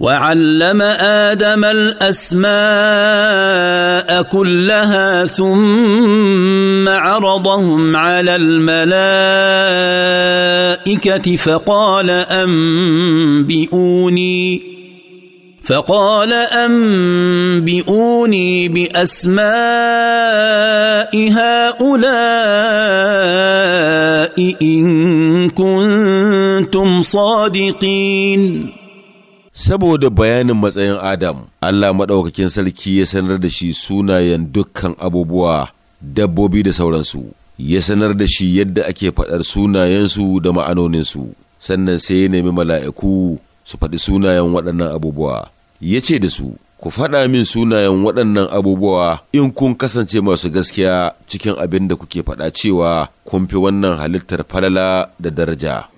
وعلم ادم الاسماء كلها ثم عرضهم على الملائكه فقال انبئوني فقال انبئوني باسماء هؤلاء ان كنتم صادقين saboda bayanin matsayin Adam, Allah maɗaukakin sarki ya sanar da shi sunayen dukkan abubuwa, dabbobi da sauransu, ya sanar da shi yadda ake faɗar sunayensu da ma'anoninsu, sannan sai ya nemi mala'iku su faɗi sunayen waɗannan abubuwa. Ya ce da su, ku faɗa min sunayen waɗannan abubuwa in kun kasance masu gaskiya cikin abin da kuke faɗa cewa kun fi wannan halittar falala da daraja.